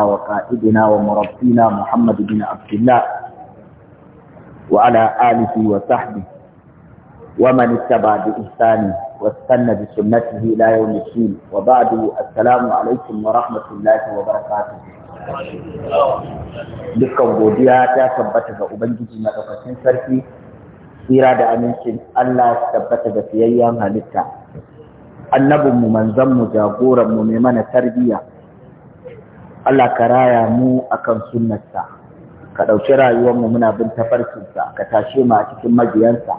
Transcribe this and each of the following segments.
وقائدنا ومربينا محمد بن عبد الله وعلى آله وصحبه ومن اتبع بإحسانه واستنى بسنته إلى يوم الدين وبعد السلام عليكم ورحمة الله وبركاته dukkan godiya ta tabbata ga Ubangiji maɗaukacin sarki tsira da amincin Allah tabbata ga fiyayyen halitta annabinmu manzanmu jagoranmu mai mana tarbiyya Allah ka raya mu akan sunnarsa ka ɗauki rayuwarmu muna bin tafarkinsa ka tashe mu a cikin majiyansa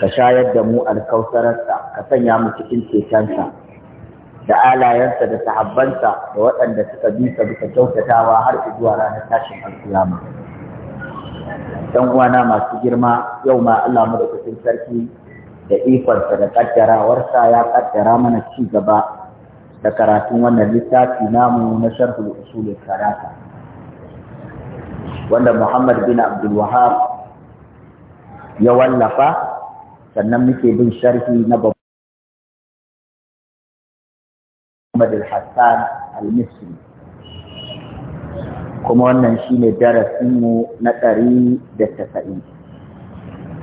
ka shayar da mu alkausararsa ka sanya mu cikin cetonsa da alayensa da sahabbansa da waɗanda suka bi sa bisa kyautatawa har zuwa ranar tashin alkiyama dan uwana masu girma yau ma Allah madaukakin sarki da ikonsa da kaddarawarsa ya kaddara mana ci gaba da karatun wannan littafi namu na sharhul usulul karata, wanda Muhammad bin Abdul ya wallafa sannan muke bin sharhi na babban Muhammad al-Hassan al-Misri kuma wannan shine darasinmu na ɗari da casa'in,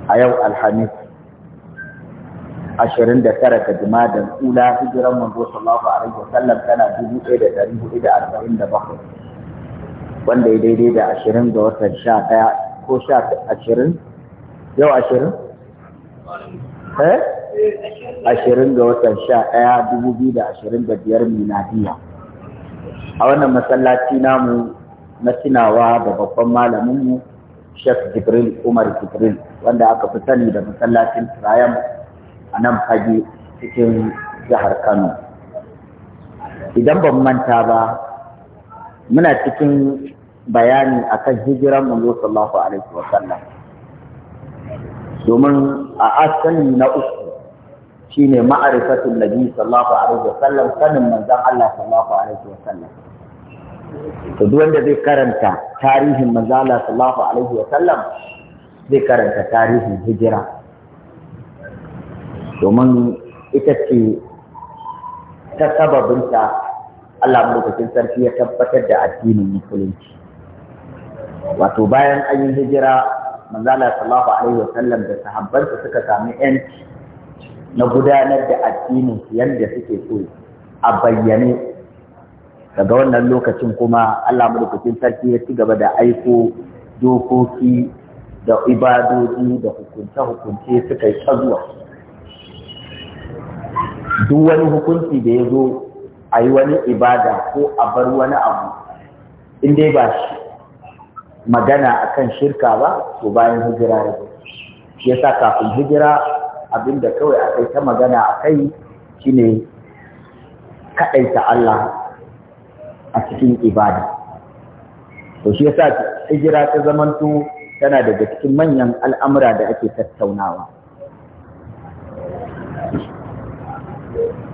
a yau Alhamis ashirin da tara ga jimadan ula hijiran manzo sallallahu alaihi wasallam tana dubu ɗaya da ɗari hudu da arba'in da bakwai wanda ya daidai da ashirin ga watan sha ɗaya ko sha ashirin yau ashirin eh? ashirin ga watan sha ɗaya dubu biyu da ashirin da biyar minadiya a wannan masallaci namu na tunawa da babban malaminmu Sheikh Jibril Umar Jibril wanda aka fi sani da masallacin Triumph a nan fage cikin jihar Kano. Idan ban manta ba, muna cikin bayani akan hijiran manzo sallallahu alaihi wa sallam. Domin a asali na uku shine ma'arifatun nabi sallallahu alaihi wa sallam sanin manzon Allah sallallahu alaihi wa sallam. To duk wanda zai karanta tarihin manzon Allah sallallahu alaihi wa sallam zai karanta tarihin hijira. domin ita ce ta sababinta Allah lokacin sarki ya tabbatar da addinin musulunci wato bayan an yi hijira manzala sallallahu alaihi wasallam da sahabbansa suka sami yanci na gudanar da addinin yadda suke so a bayyane daga wannan lokacin kuma Allah lokacin sarki ya ci gaba da aiko dokoki da ibadoji da hukunce-hukunce suka yi ta zuwa duk wani hukunci da ya zo a yi wani ibada ko a bar wani abu in dai ba shi magana akan shirka ba to bayan hijira ya shi yasa kafin hijira abinda kawai akai ta magana a kai, akai shine kaɗaita Allah a cikin ibada to shi yasa hijira ta zamanto tana daga cikin manyan al'amura da ake tattaunawa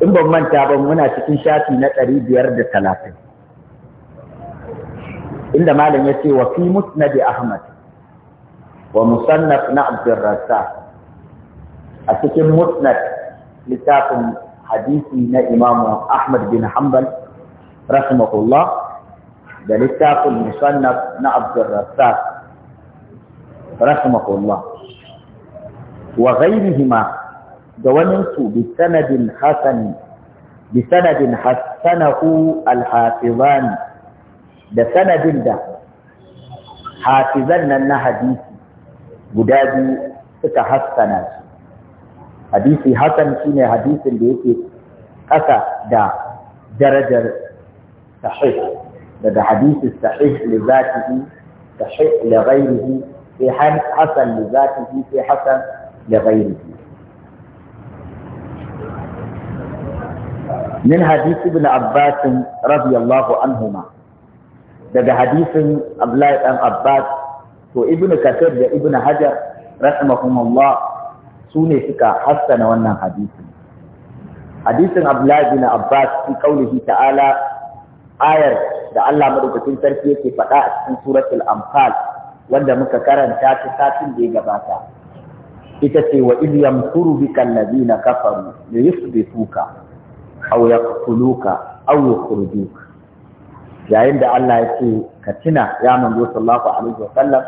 in ban manta ba muna cikin shafi na ɗari biyar da talatin inda malam ya ce wa fi musnad ahmad wa musannaf na abdurrazzaq a cikin musnad littafin hadisi na imamu ahmad bin hanbal rahimahullah da littafin musannaf na abdurrazzaq rahimahullah wa ghairihima ga wani bi sanadin hasan bi da sanadin da hafizan nan na hadisi guda biyu suka hassana shi hadisi hasan shine hadisin da yake ƙasa da darajar sahih daga hadisi sahih li zatihi sahih li ghairihi sai hasan li zatihi sai hasan li ghairihi min hadisi ibn Abbas radiyallahu anhuma daga hadisin Abdullahi dan Abbas to Ibn Kathir da Ibn Hajar rahimahumullah su ne suka hassana wannan hadisi. hadisin Abdullahi bin Abbas fi qaulihi ta'ala ayar da Allah madaukakin sarki yake faɗa a cikin suratul Anfal wanda muka karanta ta satin da ya gabata ita ce wa idh yamkuru bika na kafaru liyuthbituka aw au aw yukhrijuka yayin da Allah ya ce ka tuna ya manzo sallallahu alaihi wa sallam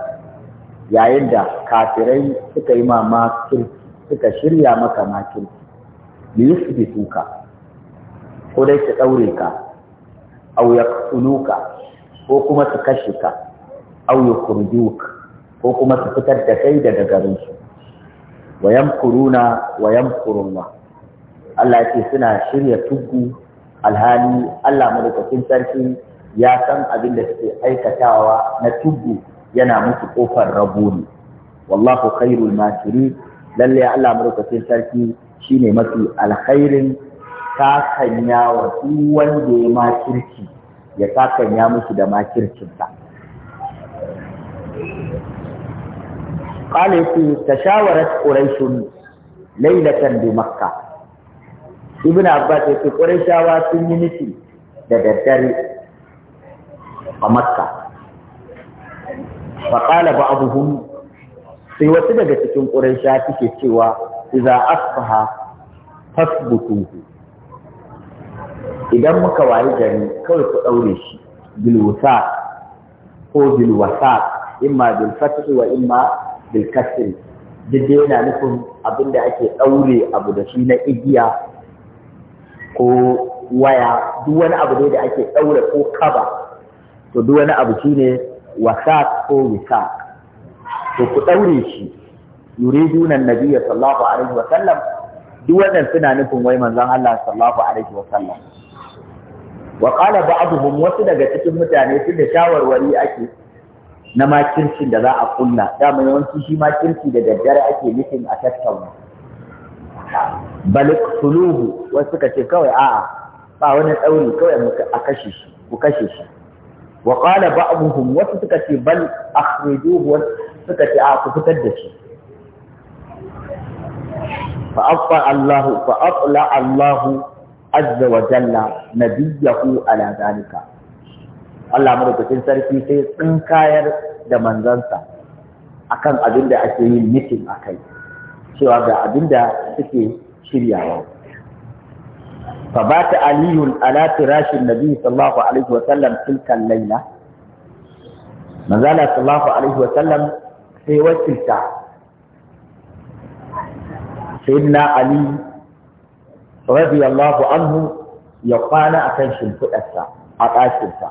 yayin da kafirai suka yi ma suka shirya maka makirki li yusbituka ko dai su daure ka aw kuluka ko kuma su kashe ka aw yukhrijuka ko kuma su fitar da kai daga garin su wa yamkuruna wa Allah ya ce suna shirya tuggu alhali Allah madaukakin sarki ya san abin da suke aikatawa na tuggu yana musu kofar rabo wallahu khairul makiri lalle Allah madaukakin sarki shine mafi alkhairin kakanya wa duk wanda ya makirci ya kakanya musu da makircinsa قال shawarar تشاورت قريش ليلة بمكة ibn abbas yace qurayshawa sun yi miki da daddare a makka fa qala ba'dhum sai wasu daga cikin quraysha suke cewa idza asbaha fasbutu idan muka wayi gari kawai ku daure shi bilwasa ko bilwasa imma bil fathi wa imma bil kasri duk yana nufin abinda ake daure abu da shi na igiya ko waya duk wani abu ne da ake ɗaure ko kaba to duk wani abu shi ne ko wisak to ku ɗaure shi yuridunan nabiyya sallallahu alaihi wa sallam duk wannan suna nufin wai manzon Allah sallallahu alaihi wa sallam wa qala ba'dhum wasu daga cikin mutane tun da shawarwari ake na makircin da za a kunna. dama yawanci shi makirci da daddare ake nufin a tattauna Balik Suluhu wasu suka ce kawai a'a ba wani tsauri kawai a kashe shi ku kashe shi wa qala ba'dhum wasu suka ce bal akhrijuhu wasu suka ce a ku fitar da shi fa afa Allahu fa atla Allahu azza wa jalla nabiyahu ala zalika Allah madaukakin sarki sai tsinkayar da manzansa akan abin da ake yin mitin akai cewa ga abin da suke shiryawa fa ba ta aliyun ala firashin nabi sallallahu alaihi wa sallam tilkan laila manzala sallallahu alaihi wa sallam sai wakilta sayyidina ali radiyallahu anhu ya kwana a kan shimfiɗarsa a ɗakinsa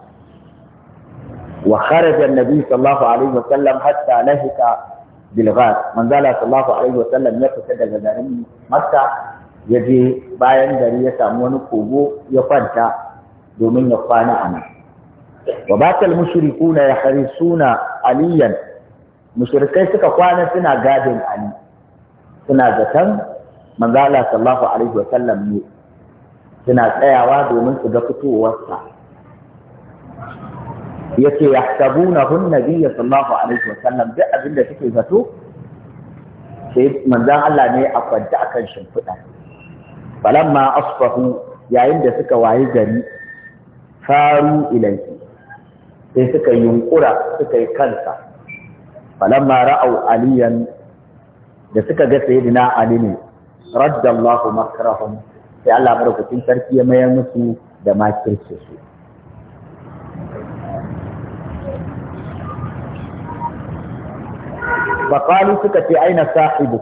wa kharaja annabi sallallahu alaihi wa sallam hatta lahika bilghar manzala sallallahu alaihi wa sallam ya fita daga garin makka ya je bayan gari ya samu wani kogo ya kwanta domin ya kwana a nan wa batal mushrikuna yahrisuna aliyan mushrikai suka kwana suna gadin ali suna zaton manzala sallallahu alaihi wa sallam ne suna tsayawa domin su ga fitowarsa yace na hun nabiyya sallallahu alaihi wa sallam duk abinda suke zato sai manzon Allah ne a kwanta akan shimfiɗa falamma asfahu yayin da suka wayi gari faru ilayhi sai suka yunkura suka yi kansa ma ra'au aliyan da suka ga sayyidina ali ne radda Allahu makrahum sai Allah madaukakin sarki ya mayar musu da makirce su bakalu suka ce aina sahibu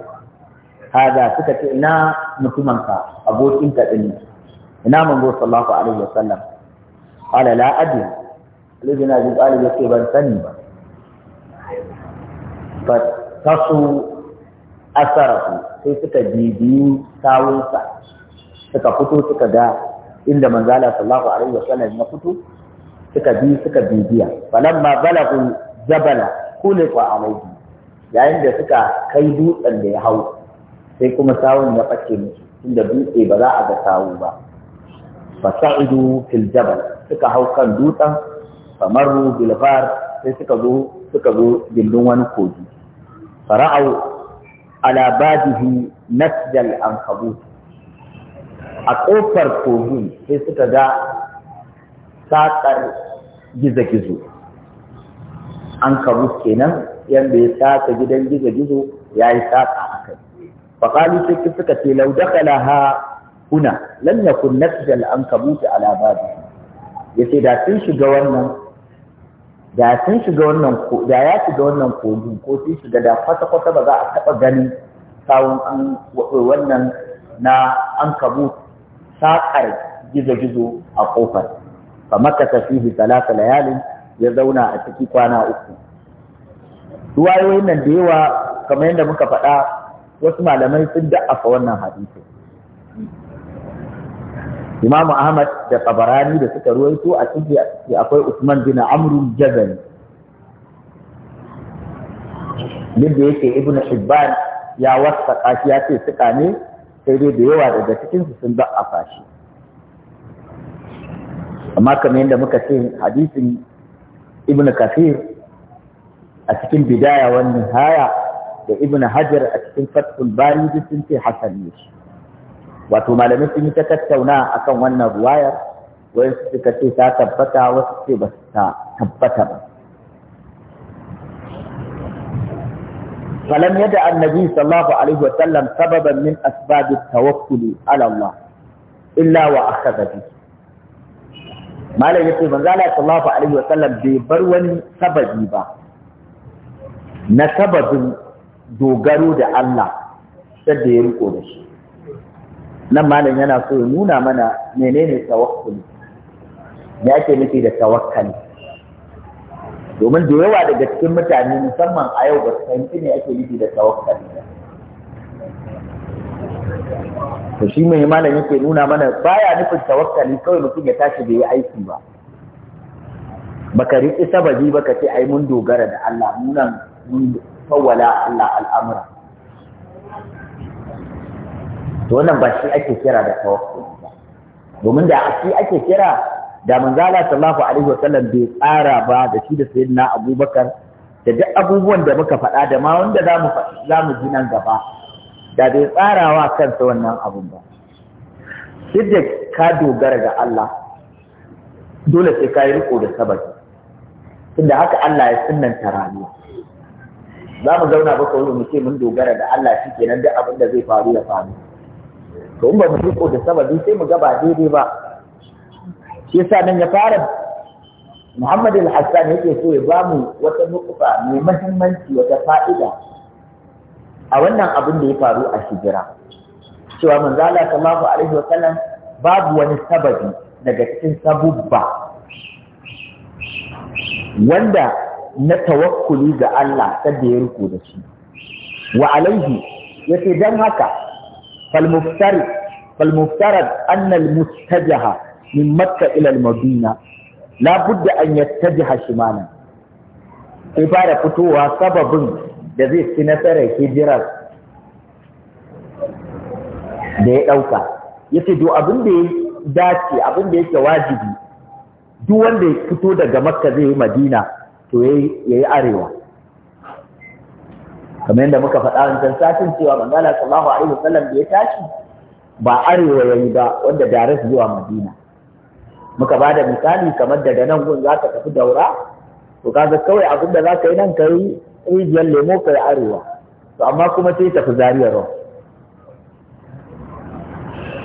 hada suka ce ina mutumanka abokinka din ina manzo sallallahu alaihi wasallam qala la adri alladhi na jin qalbi yake ban sani ba fa tasu asarahu sai suka bibiyi sawunsa suka fito suka ga inda manzala sallallahu alaihi wasallam ya fito suka bi suka bibiya falamma balagu jabala kulqa alaihi yayin da suka kai dutsen da ya hau sai kuma sawun ya ɓace musu tunda dutse ba za a ga sawu ba sa'idu fil jabal suka hau kan dutsen famaru bil sai suka zo suka zo gindin wani kogi fara'au ala badihi nasjal kabu a kofar kogin sai suka ga sakar gizo-gizo an kabu kenan Yan ya saka gidan gizo gizo ya yi saka a kai faƙalu sai suka ce lau dakala ha kuna lan yakun nasjal an kabuta ala Ya ce da sun shiga wannan da sun shiga wannan ko da ya shiga wannan kogin ko sun shiga da kwata kwata ba za a taba ganin kawun an wannan na an kabut sakar gizo gizo a kofar fa makata fihi talata layalin ya zauna a ciki kwana uku ruwayoyin nan da yawa kamar yadda muka faɗa wasu malamai sun da'afa wannan hadisi Imam Ahmad da Tabarani da suka ruwaito a ciki akwai Usman bin Amru Jazari duk da yake Ibn Hibban ya wasa kashi ya ce suka ne sai dai da yawa daga cikin su sun da'afa shi amma kamar yadda muka ce hadisin Ibn Kathir a cikin bidaya wa haya da ibn hajar a cikin fathul bari duk sun ce hasan ne shi wato malamai sun yi ta tattauna akan wannan ruwayar wayan su suka ce ta tabbata wasu ce ba ta tabbata ba فلم يدع النبي صلى الله عليه وسلم سببا من أسباب التوكل على الله إلا وأخذ به malam ya ce manzo Allah sallallahu alaihi wasallam bai bar wani sababi ba na sababin dogaro da Allah sadda ya riko da shi nan malam yana so ya nuna mana menene tawakkuli me ake nufi da tawakkali domin da yawa daga cikin mutane musamman a yau ba su fahimci ne ake nufi da tawakkali to shi mai malam yake nuna mana baya nufin tawakkali kawai mutum ya tashi bai yi aiki ba baka riƙi sababi baka ce ai mun dogara da Allah munan mun fawwala Allah al'amura to wannan ba shi ake kira da tawakkul ba domin da shi ake kira da manzala sallallahu alaihi wa sallam bai tsara ba da shi da sayyidina Abubakar da duk abubuwan da muka faɗa da ma wanda zamu zamu ji nan gaba da bai tsarawa kansa wannan abun ba duk ka dogara ga Allah dole sai ka yi riko da sabaki tunda haka Allah ya sunnanta rayuwa za mu zauna ba kawai mu ce mun dogara da Allah shi kenan duk abin da zai faru ya faru to in ba mu riko da sababi sai mu ga ba daidai ba shi yasa nan ya fara Muhammad al-Hassan yake so ya ba mu wata nukufa mai muhimmanci wata fa'ida a wannan abin da ya faru a shijira cewa manzo Allah sallallahu alaihi wa sallam babu wani sababi daga cikin sabubba wanda na tawakkuli ga Allah sadda ya riko da shi wa alaihi yace dan haka fal annal fal muftarad anna al mustajaha min makka ila al madina la budda an yattajaha shimalan sai fara fitowa sababin da zai fi nasarar hijirar da ya ɗauka yace do abin da ya dace abin da yake wajibi duk wanda ya fito daga makka zai yi madina to ya yi arewa kamar yadda muka faɗa can satin cewa bangala sallallahu alaihi wasallam da ya tashi ba arewa ya yi ba wanda direct zuwa madina muka ba da misali kamar daga nan gun za ka tafi daura to kaga kawai abin da za ka yi nan ka yi rijiyar lemo ka yi arewa to amma kuma sai tafi zariya ron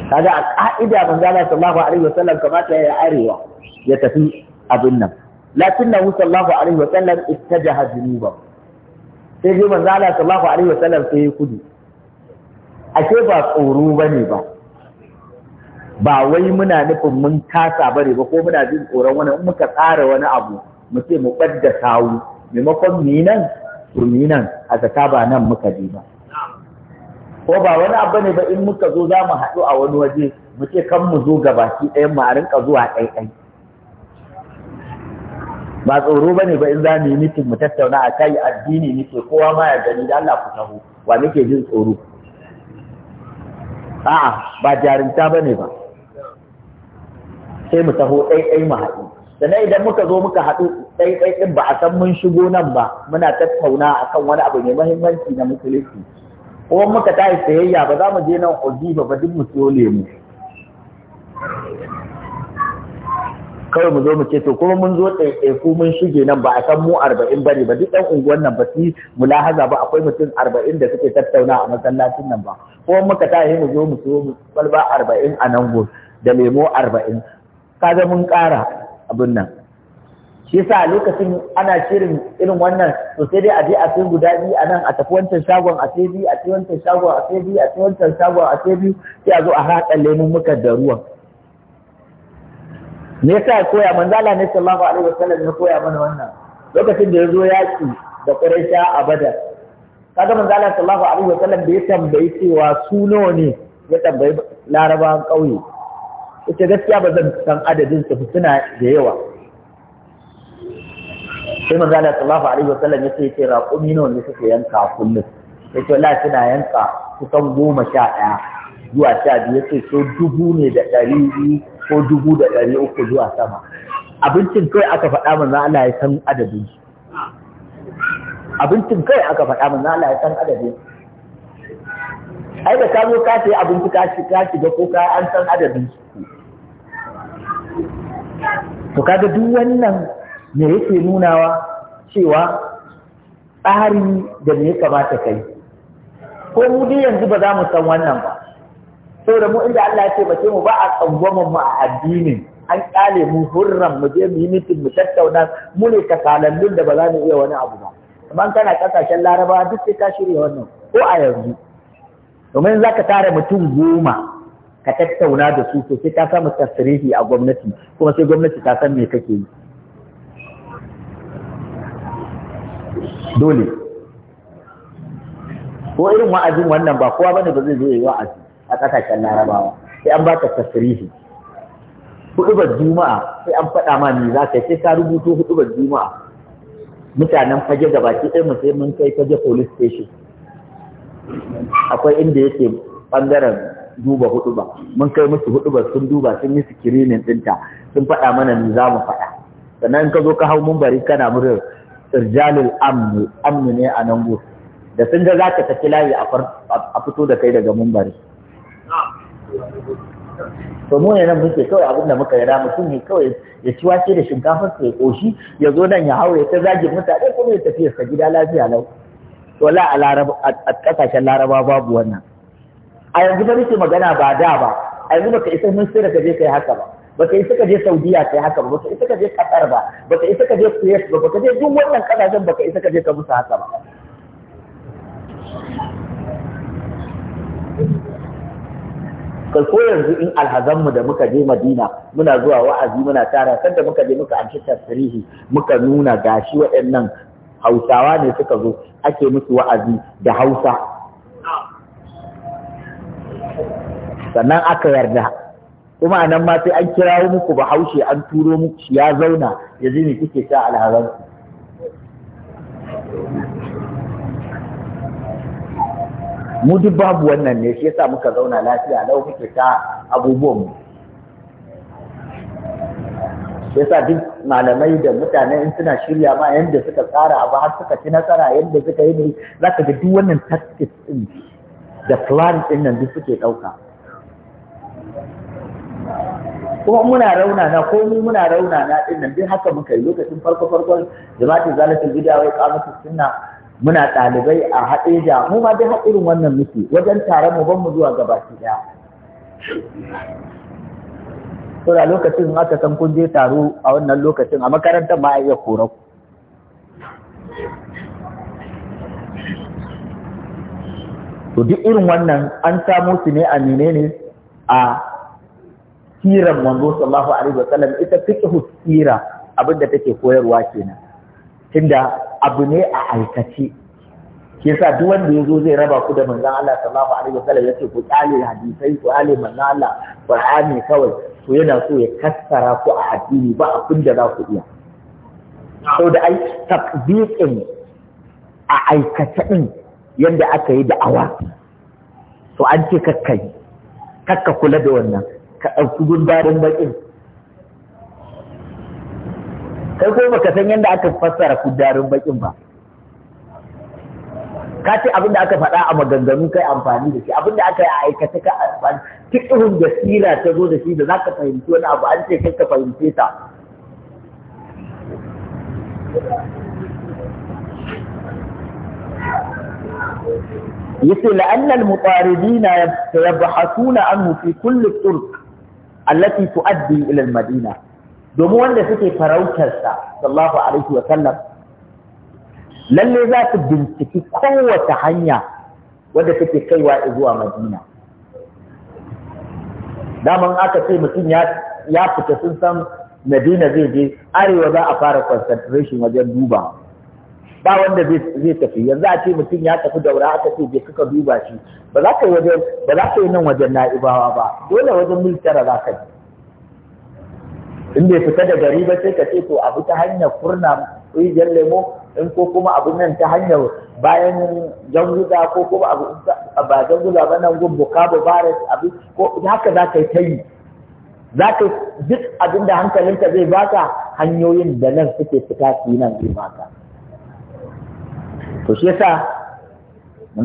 kaga a ka'ida manzala sallallahu alaihi wasallam kamata ya yi arewa ya tafi abin nan lakinnahu sallallahu alaihi wa sallam ittajaha junuban sai dai manzo Allah sallallahu alaihi wa sallam sai ya kudu ashe ba tsoro bane ba ba wai muna nufin mun kasa bane ba ko muna jin tsoron wani in muka tsara wani abu mu ce mu ɓadda sawu maimakon mu nan to mu nan a zaka ba nan muka je ba ko ba wani abu ne ba in muka zo za mu haɗu a wani waje mu ce kan mu zo gabaki ɗayan mu a rinka zuwa ɗaiɗai ba tsoro bane ba in za mu yi mitin mu tattauna a kai addini muke kowa ma ya gani da Allah ku taho wa muke jin tsoro a'a ba jarinta bane ba sai mu taho ɗaiɗai mu haɗu sannan idan muka zo muka haɗu ɗaiɗai ɗin ba a san mun shigo nan ba muna tattauna akan wani abu mai muhimmanci na musulunci ko muka tashi sayayya ba za mu je nan oziba ba duk mu siyo lemu kawai mu zo mu ce to kuma mun zo ɗaiɗaiku mun shige nan ba a san mu arba'in bane ba duk ɗan unguwan nan ba su mulahaza ba akwai mutum arba'in da suke tattauna a masallacin nan ba ko muka tashi mu zo mu so kwalba arba'in a nan gun da lemo arba'in kaga mun ƙara abin nan shi yasa lokacin ana shirin irin wannan to sai dai a je a sai guda biyu a nan a tafi wancan shagon a sai biyu a tafi wancan shagon a sai biyu a tafi wancan shagon a sai biyu sai a zo a haɗa lemun muka da ruwan me yasa ya koya manzala ne sallallahu alaihi wasallam ya koya mana wannan lokacin da ya zo yaki da quraisha a badar kaga manzala sallallahu alaihi wasallam da ya tambayi cewa su nawa ne ya tambayi larabawan ƙauye ita gaskiya ba zan san adadin su suna da yawa sai manzala sallallahu alaihi wasallam ya ce ya ce raƙumi nawa ne suke yanka kullum ya ce wallahi suna yanka kusan goma sha ɗaya zuwa sha biyu ya so dubu ne da ɗari biyu ko dubu da ɗari uku zuwa sama abincin kai aka faɗa na Allah ya san adadin abincin kai aka faɗa na Allah ya san adadin ai da ka zo ka sayi abinci ka shiga shiga ko ka an san adadin to kaga duk wannan me yake nunawa cewa tsari da me ya kamata kai ko mu dai yanzu ba za mu san wannan ba saboda mu inda Allah ya ce bace mu ba a tsangwamin mu a addinin an kyale mu hurran mu je mu yi mitin mu tattauna mu ne kasalallun da ba za mu iya wani abu ba amma kana kasashen larabawa duk sai ka shirya wannan ko a yanzu domin za ka tara mutum goma ka tattauna da su to sai ka samu tasirihi a gwamnati kuma sai gwamnati ta san me kake yi dole ko irin wa'azin wannan ba kowa bane ba zai zo yi wa'azi a ƙasashen larabawa sai an baka tasirihi hudubar juma'a sai an faɗa ma ni za ka yi sai ka rubuto hudubar juma'a mutanen fage gaba ki ɗaya sai mun kai fage police station akwai inda yake ɓangaren duba huduba mun kai musu huduba sun duba sun yi screening ɗinta sun faɗa mana ni za mu faɗa sannan ka zo ka hau bari kana murar sirjalil amnu amnu ne a nan gudu da sun ga za ka tafi layi a fito da kai daga mumbari to mu ne nan muke kawai abin da muka yara mutum ne kawai ya ci wace da shinkafar ya koshi ya zo nan ya haure ta zagin mutane kuma ya tafi sa gida lafiya lau wala a laraba a kasashen laraba babu wannan a yanzu ba nake magana ba da ba a yanzu baka isa mun sai ka je kai haka ba baka isa ka je saudiya kai haka ba baka isa ka je qatar ba baka isa ka je kuwait ba baka je duk wannan kasashen baka isa ka je ka musu haka ba kai ko yanzu in alhazan mu da muka je Madina muna zuwa wa'azi muna tara sanda muka je muka amshi tasrihi muka nuna gashi waɗannan Hausawa ne suka zo ake musu wa'azi da Hausa sannan aka yarda kuma nan ma sai an kirawo muku bahaushe an turo muku ya zauna ya ne kike ta alhazan mu duk babu wannan ne shi yasa muka zauna lafiya lau muke ta abubuwan mu shi yasa duk malamai da mutane in suna shirya ma yanda suka tsara abu har suka ci nasara yanda suka yi ne ka ga duk wannan tactics din da plan din nan duk suke dauka kuma muna rauna na ko mu muna rauna na din nan duk haka muka yi lokacin farko farkon jama'atin zalatin gidawai kamata sunna muna ɗalibai a haɗeja mu ma dai haɗirin wannan muke wajen taron mu ban mu zuwa ki ɗaya to lokacin aka san kun je taro a wannan lokacin a makarantar ma iya kora to duk irin wannan an samu su ne a menene a siran manzo sallallahu alaihi wasallam ita fiqhu sira abinda take koyarwa kenan tunda abu ne a aikace ke sa duk wanda ya zo zai raba ku da manzan Allah sallallahu alaihi sallam yace ku tsale hadisai ku tsale manzan Allah Qur'ani kawai to yana so ya kassara ku a addini ba abin da za ku iya da ai takbiqin a aikace din yanda aka yi da'awa to an ce kakkai kakka kula da wannan ka ɗauki gundarin bakin kai ko baka san yadda aka fassara kudarin bakin ba ka ce abin da aka faɗa a maganganu kai amfani da shi abin da aka yi a aikata ka amfani cikin da sila ta zo da shi da za ka fahimci wani abu an ce kai ka fahimce ta yace la'annal mutaridina yabhasuna anhu fi kulli turq allati tuaddi ila al-madina domin wanda suke farautarsa sallallahu alaihi wa sallam lalle za su binciki kowace hanya wadda take kaiwa zuwa madina daman aka ce mutum ya fita sun san madina zai je arewa za a fara concentration wajen duba ba wanda zai tafi yanzu a ce mutum ya tafi daura aka ce je suka duba shi ba za ka yi nan wajen na'ibawa ba dole wajen tara za ka je in bai fita da gari ba sai ka ce to abu ta hanyar kurna rijiyar lemo in ko kuma abu nan ta hanyar bayan janguza ko kuma abu ba janguza ba nan gun bukabu barat abu ko haka za ka yi ta yi za ka duk abin da hankalinka zai baka hanyoyin da nan suke fita su yi nan zai baka to shi yasa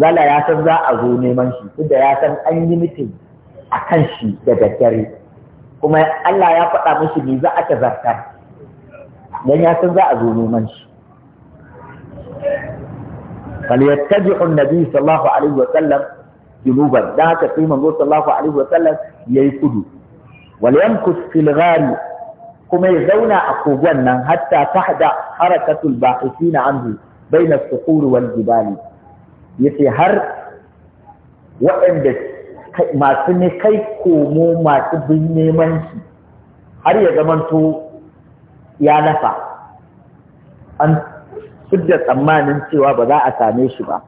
ya san za a zo neman shi tunda ya san an yi mitin a kan shi da daddare kuma Allah ya faɗa musu me za a tazartar dan ya san za a zo neman shi falyattabi'u nabi sallallahu alaihi wa sallam junuban da haka sai manzo sallallahu alaihi wa sallam yayi kudu wal yamkus kuma ya zauna a kogon nan hatta tahda harakatul bahisina anhu bai na suqur wal jibali ya ce har waɗanda masu ne kai komo masu bin neman shi har ya zamanto ya nafa an fidda tsammanin cewa ba za a same shi ba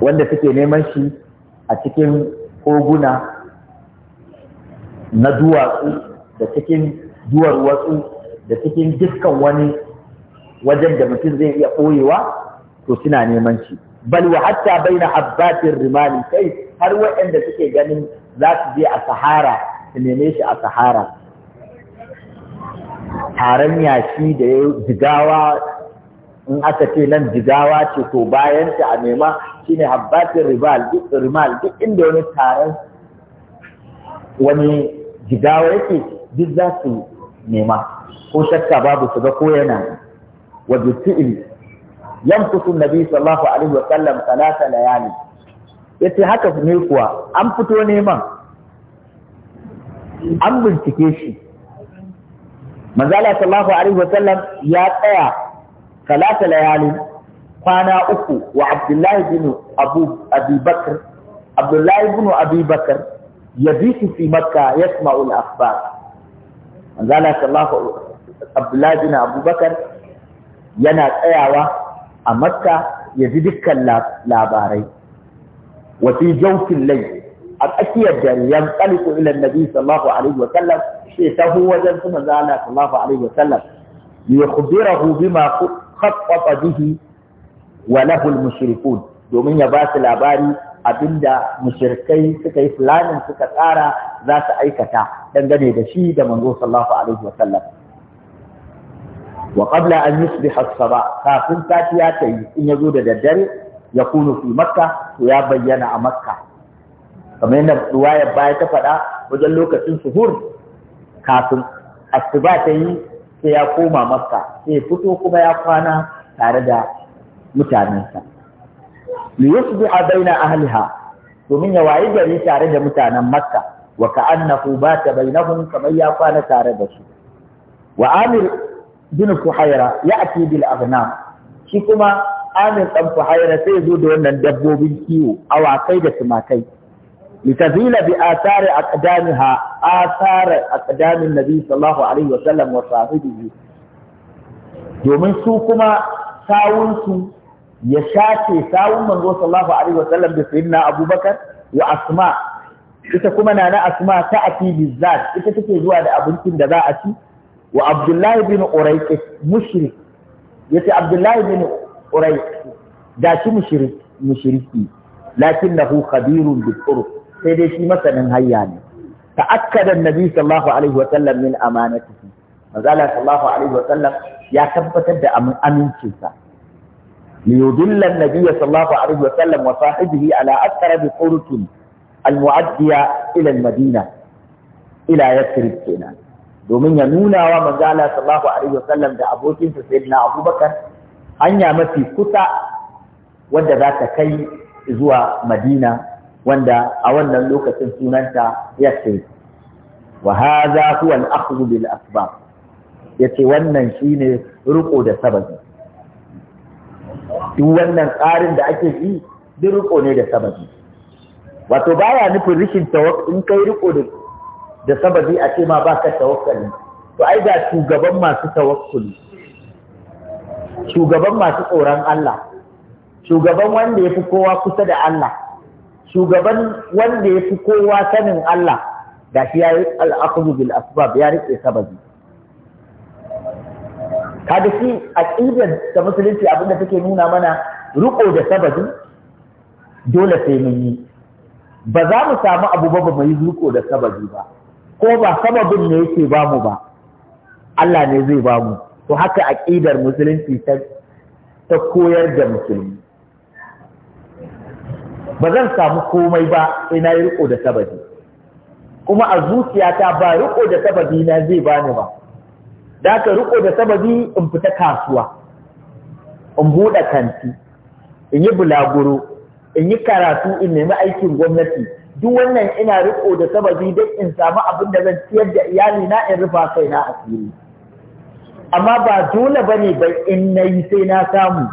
wanda suke neman shi a cikin koguna na duwatsu da cikin duwar watsu da cikin dukkan wani wajen da mutum zai iya ɓoyewa to suna neman shi bal wa hatta baina habbatir rimali kai har waɗanda suke ganin za su je a sahara su neme shi a sahara taron yashi da ya jigawa in aka ce nan jigawa ce to bayan ta a nema shine habbatin rimal duk rimal duk inda wani taron wani jigawa yake duk za su nema ko shakka babu su ga ko yana wa yamkutu nabi sallallahu alaihi wasallam talata layali yace haka ne kuwa an fito neman an bincike shi manzala sallallahu alaihi wasallam ya tsaya talata layali kwana uku wa abdullahi bin abu abubakar abdullahi bin abubakar yabitu fi makka yasma'u al-akhbar manzala sallallahu abdullahi bin abubakar yana tsayawa a makka ya ji dukkan labarai wa fi jawfin layl a tsakiyar dare yan tsaliku ila nabi sallallahu alaihi wa sallam sai taho wajen su manzo Allah sallallahu alaihi wa sallam yukhbirahu bima khaffata bihi wa lahu al-mushrikun domin ya ba su labari abinda mushrikai suka yi planning suka tsara za su aikata dangane da shi da manzo sallallahu alaihi wa sallam wa qabla an yusbiha as-saba kafin safiya ta yi in yazo da daddare ya kunu fi makka to ya bayyana a makka kamar yadda ya baya ta faɗa wajen lokacin suhur kafin asuba ta yi sai ya koma makka sai fito kuma ya kwana tare da mutanensa li yusbiha baina ahliha domin ya wayi gari tare da mutanen makka wa ka'annahu bata bainahum kamar ya kwana tare da su wa amir bin fuhaira ya ati bil abna shi kuma amir dan fuhaira sai zo da wannan dabbobin kiwo awakai da tumakai litazila bi athari aqdamiha athari aqdamin nabi sallallahu alaihi wa sallam wa sahibihi domin su kuma sawunsu ya shace sawun manzo sallallahu alaihi wa sallam da sayyidina abubakar wa asma ita kuma nana asma ta ati bizat ita take zuwa da abincin da za a ci wa abdullahi bin uraiq mushrik yace abdullahi bin uraiq da shi mushrik mushriki na hu bil turuq sai dai shi masanin hayya ne ta'akkada Nabi sallallahu alaihi wa sallam min amanatihi manzala sallallahu alaihi wa sallam ya tabbatar da amincinsa li yudilla annabi sallallahu alaihi wa sallam wa sahibihi ala akthar bi turuqin al mu'addiya ila madina ila yathrib domin ya nuna wa manzo Allah sallallahu alaihi wasallam da sa sayyidina Abubakar hanya mafi kusa wanda za ta kai zuwa Madina wanda a wannan lokacin sunanta ya ce, wa hadha huwa al-akhdhu bil asbab yace wannan shine ruko da sababi duk wannan tsarin da ake yi duk ruko ne da sababi wato baya nufin rishin tawakkali in kai ruko da da sababi a ce ma ba ka tawakkali to ai ga shugaban masu tawakkuli shugaban masu tsoron Allah shugaban wanda ya fi kowa kusa da Allah shugaban wanda ya fi kowa sanin Allah da shi ya yi al'akudu bil asbab ya rike sababi kada shi aqidar da musulunci abinda take nuna mana riko da sababi dole sai mun yi ba za mu samu abu ba ba mu yi riko da sababi ba ko ba sababin ne yake ba mu ba Allah ne zai ba mu to haka aqidar musulunci ta ta koyar da musulmi ba zan samu komai ba sai yi riko da sababi kuma a zuciyata ba riko da sababi na zai bani ba da ka riko da sababi in fita kasuwa in buɗe kanti in yi bulaguro in yi karatu in nemi aikin gwamnati duk wannan ina riko da sababi duk in samu abin da zan ciyar da iyali na in rufa kai na asiri amma ba dole bane ba in nayi sai na samu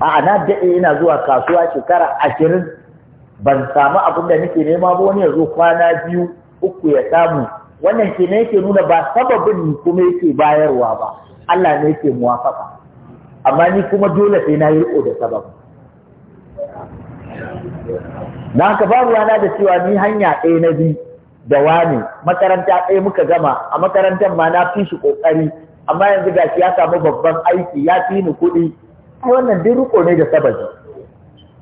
a na daɗe ina zuwa kasuwa shekara ashirin ban samu abin da nake nema ba wani ya kwana biyu uku ya samu wannan ke ne yake nuna ba sababin kuma yake bayarwa ba Allah ne yake muwafaka amma ni kuma dole sai na yi riko da sababin na haka babu rana da cewa ni hanya ɗaya na bi da wani makaranta ɗaya muka gama a makarantar ma na fi shi ƙoƙari amma yanzu shi ya samu babban aiki ya fi ni kuɗi wannan duk riko ne da sababi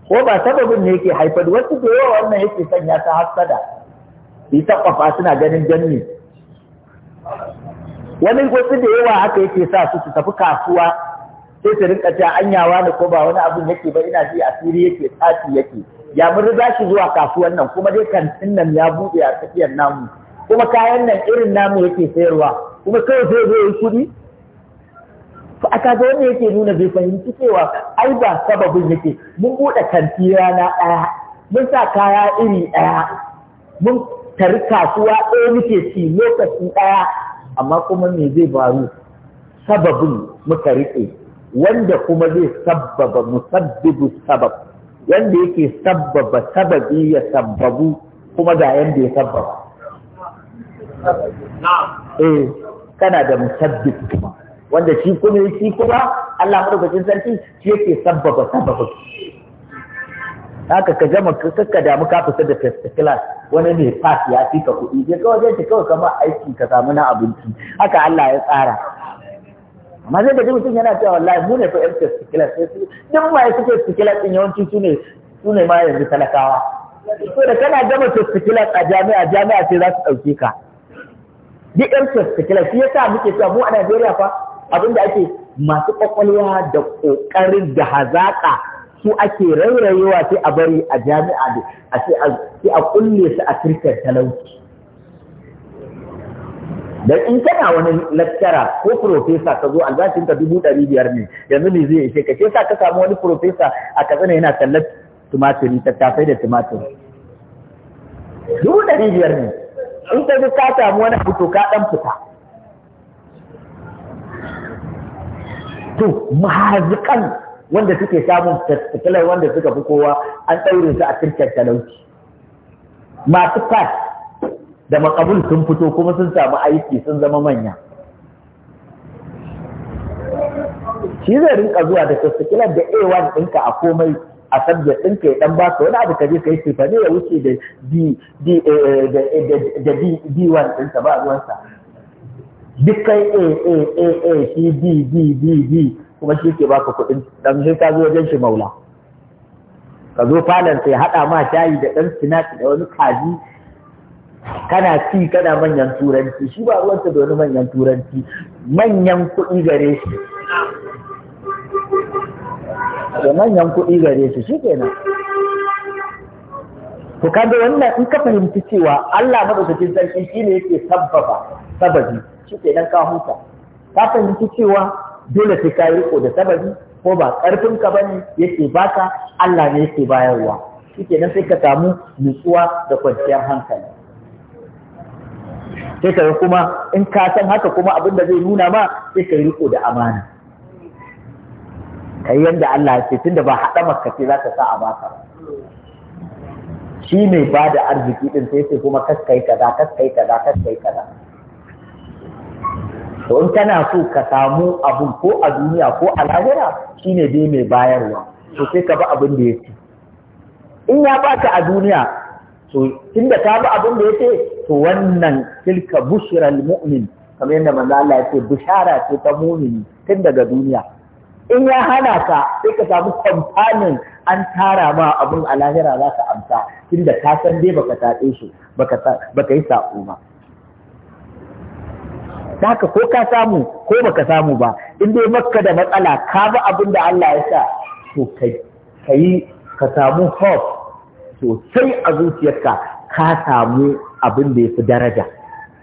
ko ba sababin ne yake haifar wasu da yawa wannan yake sanya ta hasada yi takwafa suna ganin janni wani wasu da yawa haka yake sa su su tafi kasuwa sai su rinka ta anyawa ne ko ba wani abin yake ba ina ji asiri yake tsafi yake ya mun za shi zuwa kasuwan nan kuma dai kantin nan ya buɗe a tsakiyar namu kuma kayan nan irin namu yake sayarwa kuma kawai zai zo yi kuɗi to a kaga wanda yake nuna bai fahimci cewa ai ba sababin yake mun buɗe kanti rana ɗaya mun sa kaya iri ɗaya mun tari kasuwa ɗaya muke ci lokaci ɗaya amma kuma me zai faru sababin muka riƙe wanda kuma zai sabbaba musabbibu sabab yanda yake sabbaba sababi ya sababu, kuma ga yanda ya sabbaba eh kana da musabbib kuma wanda shi kuma shi kuma Allah madaukakin sarki shi yake sabbaba sababu haka ka jama kakka damu ka fita da first class wani ne pass ya fi ka kuɗi je kawai zai kawai kama aiki ka samu na abinci haka Allah ya tsara amma sai da mutum yana cewa wallahi mu ne fa yan testicular sai duk ma ya suke testicular din yawanci su ne su ne ma yanzu talakawa to da kana gama testicular a jami'a jami'a sai za su ɗauke ka duk yan testicular shi yasa muke cewa mu a Najeriya fa abin da ake masu kwakwalwa da ƙoƙarin da hazaƙa su ake rairayewa sai a bari a jami'a da a sai a kulle su a kirkar talauci dan in kana wani lecturer ko professor ka zo albashin ka dubu ɗari biyar ne yanzu ne zai ishe ka ce sa ka samu wani professor a katsina yana tallar tumatiri tattafai da tumatiri dubu ɗari biyar ne in ka zo ka samu wani abu to ka ɗan fita to mahazikan wanda suke samun fitilar wanda suka fi kowa an ɗaure su a cikin talauci masu fat da makabul sun fito kuma sun samu aiki sun zama manya shi zai rinka zuwa da tattakilar da a1 ɗinka a komai a sabbin ɗinka ya ɗan baka wani abu kaje ka yi ne ya wuce da eh, eh, d1 eh, ɗinka ba ruwansa duk kai a a a a shi d d d d kuma shi ke baka kuɗin ɗan sai ka zo wajen shi maula ka zo falon sai haɗa ma shayi da ɗan sinaki da wani kaji kana ci kana manyan turanci shi ba ruwanta da wani manyan turanci manyan kuɗi gare shi da manyan kuɗi gare shi shi ke nan. to kada wannan in ka fahimci cewa Allah madaukakin sarki shi ne yake sabbaba sababi shi ke nan ka huta ka fahimci cewa dole sai ka riko da sababi ko ba karfin ka bane yake baka Allah ne yake bayarwa shi ke nan sai ka samu nutsuwa da kwanciyar hankali sai ka kuma in ka san haka kuma abin da zai nuna ma sai ka riko da amana kai yanda Allah ya ce tunda ba haɗa maka za ka sa a baka shi mai ba da arziki din sai sai kuma kaskai kaza kaskai kaza kaskai kaza to in kana so ka samu abu ko a duniya ko a lahira shine dai mai bayarwa to sai ka bi abin da ya ce in ya baka a duniya to tunda ta bi abin da yake to wannan tilka bushral mu'min kamar yadda manzo Allah ya ce bishara ce ta mu'mini tun daga duniya in ya hana ka sai ka samu kamfanin an tara ma abin a lahira za ka amsa tunda ka san dai baka taɗe shi baka yi saƙo ba haka ko ka samu ko baka samu ba in dai makka da matsala ka bi abin da Allah ya sa to kai ka samu hope sosai a zuciyarka ka samu abin da ya fi daraja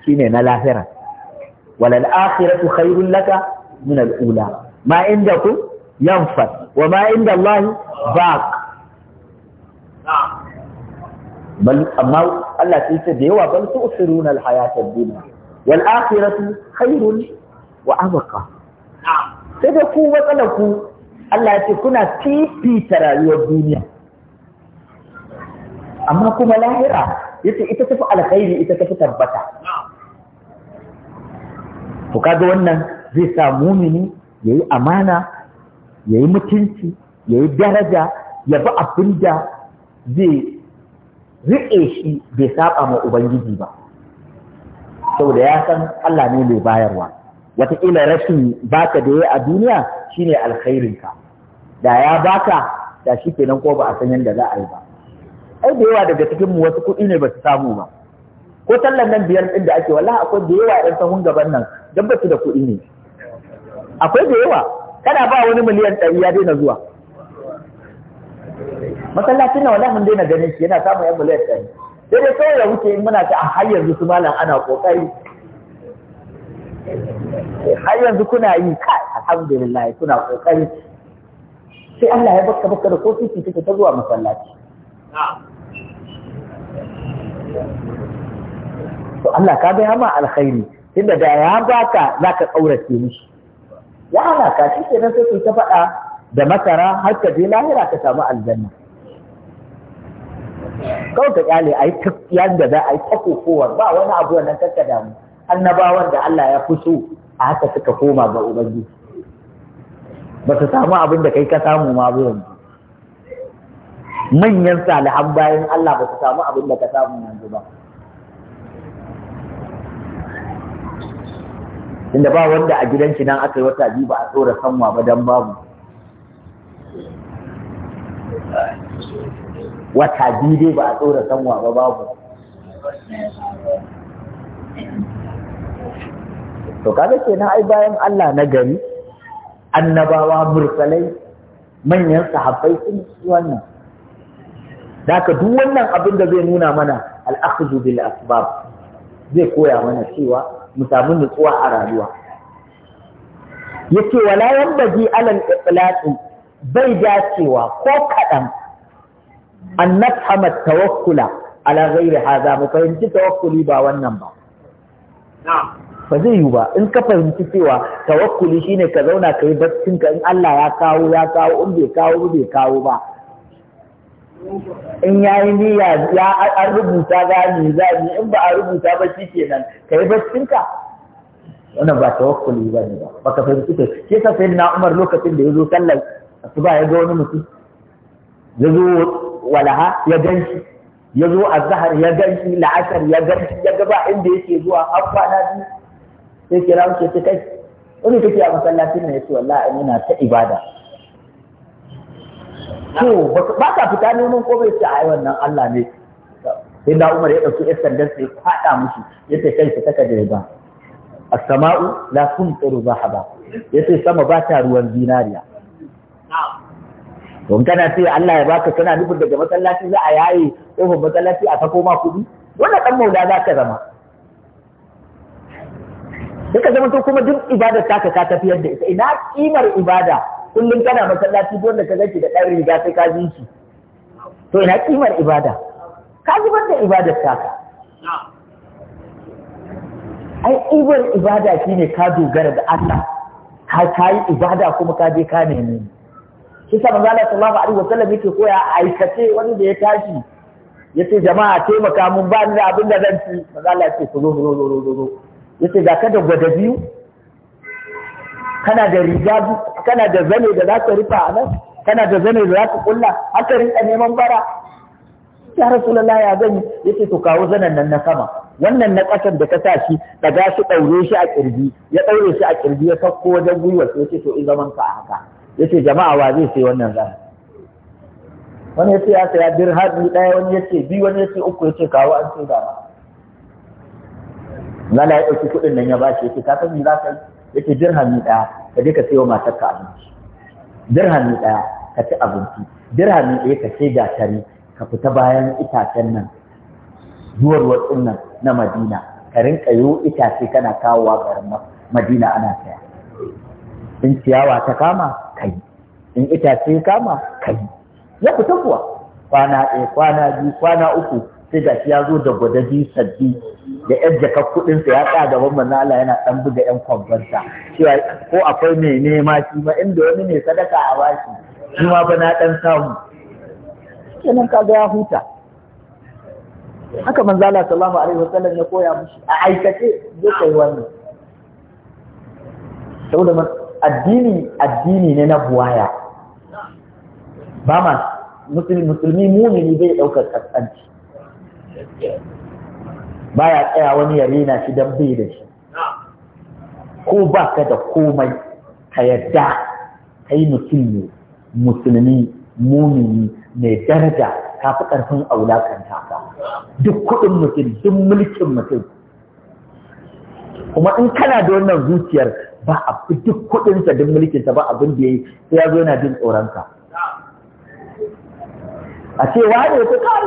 Shi ne na lahira walal akhiratu khairun laka min al ula ma ku yanfad wa ma inda Allah baq amma Allah sai ce da yawa bal tu'siruna al hayata ad-dunya wal akhiratu khairun wa abqa sai da ku matsalar ku Allah ya ce kuna fifita rayuwar duniya amma kuma lahira yace ita tafi alkhairi ita tafi tabbata to kaga wannan zai sa mumini yayi amana yayi mutunci yayi daraja ya bi abin da zai riƙe shi bai saba ma ubangiji ba saboda ya san Allah ne mai bayarwa wataƙila rashin baka da ya a duniya shine alkhairinka da ya baka da shi kenan ko ba a san yadda za a yi ba ai da yawa daga cikin mu wasu kuɗi ne ba su samu ba ko tallan nan biyar ɗin da ake wallahi akwai da yawa ɗan sahun gaban nan dan ba su da kuɗi ne akwai da yawa kana ba wani miliyan ɗari ya daina zuwa masallacin na wallahi mun daina ganin shi yana samun yan miliyan ɗari sai dai kawai ya wuce in muna ta a ah, har yanzu su malam ana kokari har yanzu kuna yi kai alhamdulillah kuna kokari sai Allah ya baka baka da kofi kike ta zuwa masallaci to Allah ka bai ma alkhairi tunda da ya baka zaka kaurace mishi ya halaka shi kenan sai ku ta faɗa da masara har ka je lahira ka samu aljanna kawai ka kyale a ta yanda za a yi ta ba wani abu wannan kakka damu annabawan da Allah ya fuso a haka suka koma ga Ubangiji ba su samu abin da kai ka samu ma yanzu manyan salihan bayan Allah ba su samu abin da ka samu yanzu ba inda ba wanda a gidan nan aka yi wata biyu ba a tsora sanwa ba dan babu wata biyu dai ba a tsora sanwa ba babu to kaga kenan ai bayan Allah na gari annabawa mursalai manyan sahabbai sun wannan da haka duk wannan abin da zai nuna mana al'akhdhu bil asbab zai koya mana cewa mu samu nutsuwa a rayuwa yace wala yanbaji alal itlaqi bai cewa ko kadan an nafhama tawakkula ala ghairi hadha mu fahimci tawakkuli ba wannan ba ba zai yiwu ba in ka fahimci cewa tawakkuli shine ka zauna kayi baccin ka in Allah ya kawo ya kawo in bai kawo bai kawo ba in ya yi niyya ya an rubuta gani gani in ba a rubuta ba shi kenan ka yi baccinka wannan ba tawakkuli ba ne ba baka fahimci ta ke sa sai na umar lokacin da ya zo sallar ba ya ga wani mutum ya zo walaha ya gan shi ya zo zahar ya gan shi la'asar ya gan shi ya gaba inda yake zuwa an kwana biyu sai kira wuce ta kai wani kake a masallacin na ya ce wallahi ina ta ibada to ba ka fita neman komai a yawan wannan Allah ne sai da Umar ya dauki yar sandan sai fada mushi yace kai ka taka direba as-sama'u la tumtiru zahaba yace sama ba ta ruwan zinariya don kana ce Allah ya baka kana nufin daga masallaci za a yaye kofar masallaci a ta koma kuɗi wannan dan maula za ka zama sai ka zama to kuma duk ibadar taka ka tafiyar da ita ina kimar ibada kullum kana masallaci ko wanda ka gaci da ɗan riga sai ka ji shi to ina kimar ibada ka zubar da ibadar ta ka ai ibar ibada shine ka dogara da Allah ka kai ibada kuma ka je ka nemi shi sa manzo Allah sallallahu alaihi wasallam yake koya aikace wanda ya tashi ya ce jama'a taimaka mun ba ni da abin da zan ci manzo Allah ce ku zo zo zo zo yace ga ka da gwada biyu kana da riga kana da zane da za ka rufa a nan kana da zane da za ka kulla haka rinka neman bara ya rasulullahi ya gani yace to kawo zanen nan na sama wannan na kasan da ka sa shi daga shi daure shi a kirji ya daure shi a kirji ya sakko wajen gwiwa sai yace to in zaman ka haka yace jama'a wa zai sai wannan zan. wani yace ya saya dirhami daya wani yace biyu wani yace uku yace kawo an sai da ma Allah ya ɗauki kuɗin nan ya bashi yace ka san me za ka yi yake dirhami ɗaya ka je ka sayo matarka abinci dirhami ɗaya ka ci abinci dirhami ɗaya ka gatari ka fita bayan itacen nan zuwar ruwan nan na madina ka rinka yo itace kana kawowa garin madina ana saya in ciyawa ta kama yi in itace kama yi ya fita kuwa kwana ɗaya kwana biyu kwana uku sai ga ya zo da gwadaji sabbi da yan jaka kuɗin sa ya tsaya gaban manzo Allah yana dan buga yan kwabbarsa cewa ko akwai mai nema shi ma inda wani ne sadaka a washi shi ma ba na dan samu kenan kaga ya huta haka Manzala Allah sallallahu alaihi wasallam ya koya mushi a aikace zai kai wannan saboda addini addini ne na buwaya ba ma musulmi ni bai daukar kaskanci baya tsaya wani ya rena shi dan bai da shi ko ba ka da komai ka yadda kai mutum ne musulmi mumini mai daraja ka fi ƙarfin aulakanta ka duk kuɗin mutum duk mulkin mutum kuma in kana da wannan zuciyar ba a fi duk kuɗinsa duk mulkinsa ba abin da ya yi sai ya zo yana jin tsoronka a ce wa ne ku kare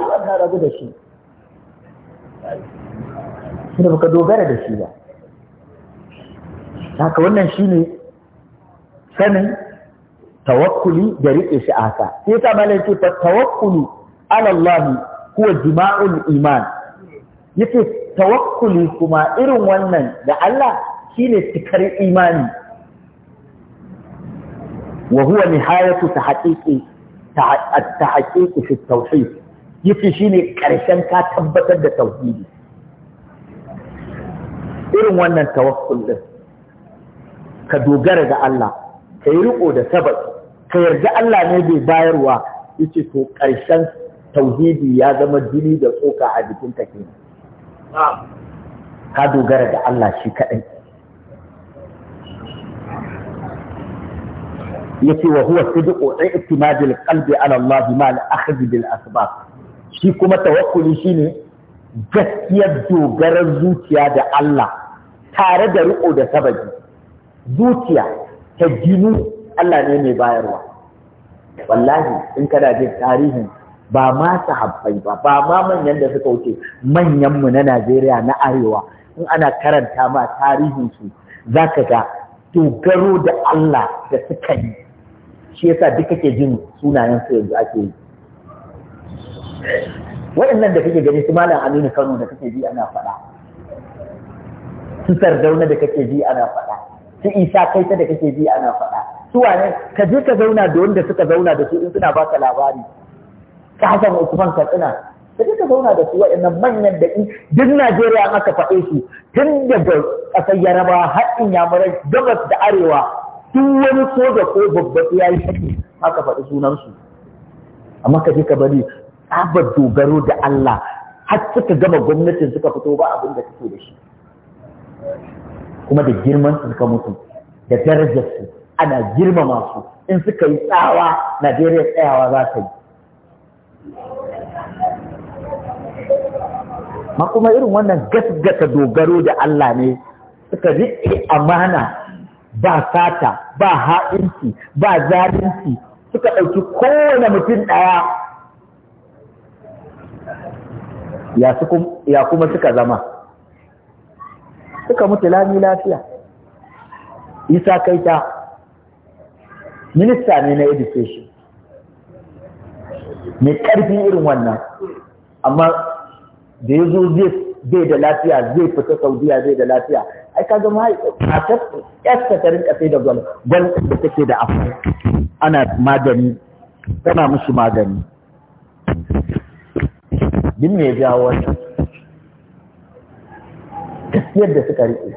da shi shi ne baka dogara da shi ba haka wannan shi ne sanin tawakkuli da riƙe shi a haka sai ta malai ce tawakkulu alallahi kuwa jima'ul iman yace tawakkuli kuma irin wannan da Allah shine cikar imani wa huwa nihayatu tahqiqi at-tahqiqi fi at-tauhid yace shine karshen ka tabbatar da tauhidi irin wannan tawakkul din ka dogara ga Allah ka yi riko da sabab ka yarda Allah ne bai bayarwa yace to ƙarshen tauhidi ya zama jini da tsoka a jikin ka kenan ka dogara da Allah shi kaɗai yace wa huwa sidqu i'timadil qalbi ala Allah ma al-akhdh bil asbab shi kuma tawakkuli shine gaskiyar dogarar zuciya da Allah tare da riƙo da sabaji zuciya ta jinu Allah ne mai bayarwa wallahi in na jin tarihin ba ma sahabbai ba ba ma manyan da suka wuce manyan mu na Najeriya na arewa in ana karanta ma tarihin su zaka ga dogaro da Allah da suka yi shi yasa duk kake jin sunayen su yanzu ake yi waɗannan da kake gani su malam Aminu Kano da kake ji ana faɗa su sardauna da kake ji ana faɗa su isa kai ta da kake ji ana faɗa su wane ka je ka zauna da wanda suka zauna da su in suna baka labari ka hasan usman katsina ka je ka zauna da su waɗannan manyan da in duk najeriya an aka faɗe su tun daga ƙasar yaraba har yamurai gabas da arewa duk wani soja ko babba ya yi shaki aka faɗi sunansu amma ka je ka bari tsabar dogaro da Allah har suka gama gwamnatin suka fito ba abin da kake da shi kuma da girman su suka mutu da darajar su ana girmama su in suka yi tsawa Najeriya tsayawa za ta yi ma kuma irin wannan gasgata dogaro da Allah ne suka riƙe amana ba sata ba ha'inci ba zalunci suka ɗauki kowane mutum ɗaya ya kuma suka zama suka mutu lami lafiya isa kai ta. minista ne na education mai ƙarfin irin wannan amma da ya zo zai da lafiya zai fita saudiya zai da lafiya ai ka zama a ta rinka sai da gwal da take da afa ana magani tana mushi magani din me ya jawo wannan gaskiyar da suka riƙe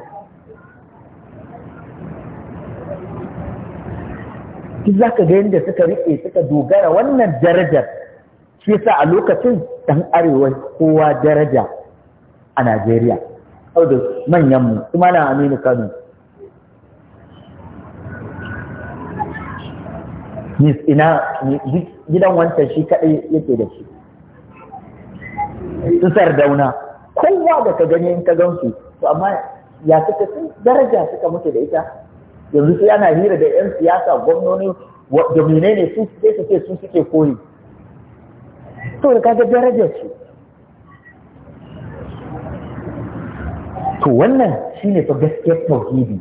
za ka ga yadda suka riƙe suka dogara wannan darajar shi yasa a lokacin ɗan arewa kowa daraja a Najeriya manyan manyanmu kuma na Aminu Kano ina gidan wancan shi kaɗai yake da shi dauna, dauna kowa da ka gani in ka gansu to amma ya suka sun daraja suka mutu da ita yanzu sai ana hira da yan siyasa gwamnoni da menene su suke su ce sun suke koyi to da kaga darajar su to wannan shine fa gaskiyar tauhidi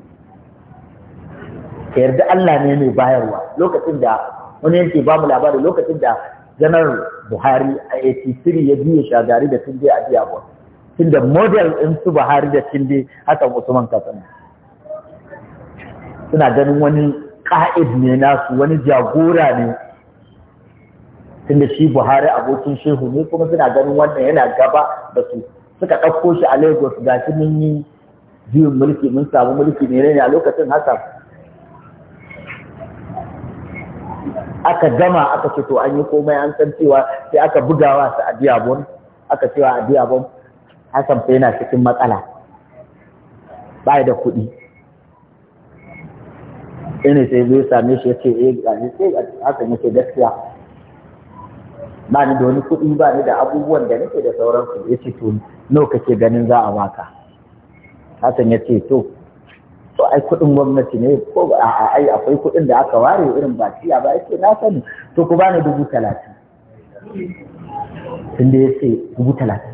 ka yarda Allah ne mai bayarwa lokacin da wani yanke ba mu labari lokacin da janar Buhari a 83 ya biya shagari da sun je a Diyabon tunda model in su Buhari da Tinde Hassan Usman Kasan suna ganin wani ƙa'id ne nasu wani jagora ne tunda shi Buhari abokin shehu ne kuma suna ganin wannan yana gaba da su suka ɗauko shi a Lagos ga shi mun yi juyin mulki mun samu mulki ne a lokacin Hassan aka gama aka ce to an yi komai an san cewa sai aka bugawa su a Diyabon aka cewa a Diyabon Hassan fa yana cikin matsala ba da kuɗi sai ne sai zai same shi ya ce eh ga ni sai Hassan yake gaskiya ba ni da wani kuɗi ba ni da abubuwan da nake da sauransu ya ce to nawa kake ganin za a baka Hassan ya ce to to ai kuɗin gwamnati ne ko a ai akwai kuɗin da aka ware irin ba tiya ba yake na sani to ku bani dubu talatin tunda ya ce dubu talatin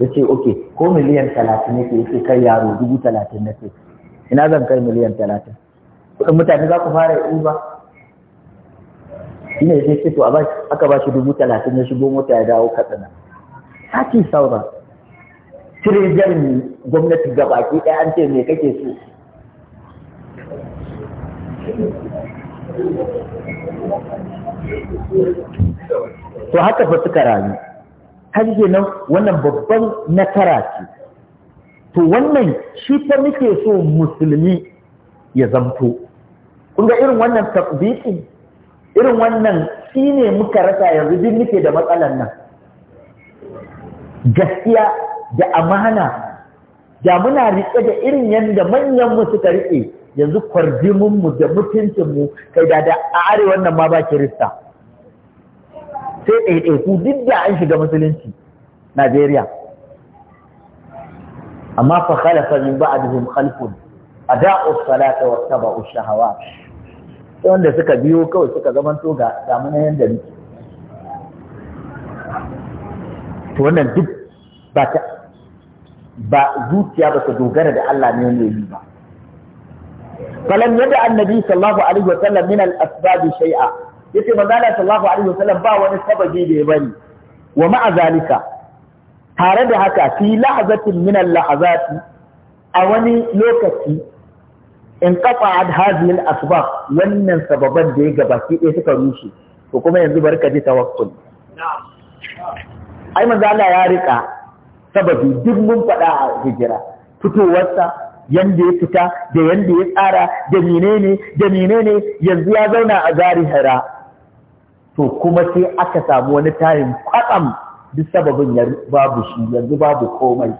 ya ce oke ko miliyan talatin yake ke ce kai yaro dubu talatin na ce ina zan kai miliyan talatin kuɗin mutane za ku fara yi ba shi ne ya ce to aka ba shi dubu talatin ya shigo mota ya dawo katsina sati saura cire jami gwamnati ke ɗaya an ce me kake so to haka fa suka rayu har kenan wannan babban nasara ce to wannan shi ta muke so musulmi ya zamto kun ga irin wannan tabbiqin irin wannan shi ne muka rasa yanzu duk muke da matsalan nan gaskiya da amana da muna riƙe da irin yadda manyan mu suka riƙe yanzu kwarjimin mu da mutuncin mu kai da da a arewa nan ma ba kirista sai ɗaiɗaiku duk da an shiga musulunci Najeriya amma fa khalafa min ba'dihim khalfun ada'u salata wa tabu shahawat sai wanda suka biyo kawai suka to ga damuna yanda nake to wannan duk ba ta ba zuciya ba ta dogara da Allah ne ne yi ba falam yadda annabi sallallahu alaihi wa sallam min al asbab shay'a yace manzo Allah sallallahu alaihi wasallam ba wani sababi da ya bari wa ma'a zalika tare da haka fi lahazatin min lahazati a wani lokaci in kafa ad hadhihi al-asbab wannan sababan da ya gabaki ɗaya suka rushe to kuma yanzu barka ji tawakkul ai manzo Allah ya rika sababi duk mun faɗa a hijira fitowarsa yanda ya fita da yanda ya tsara da menene da menene yanzu ya zauna a zari to kuma sai aka samu wani tayin kwatsam duk sababin babu shi yanzu babu komai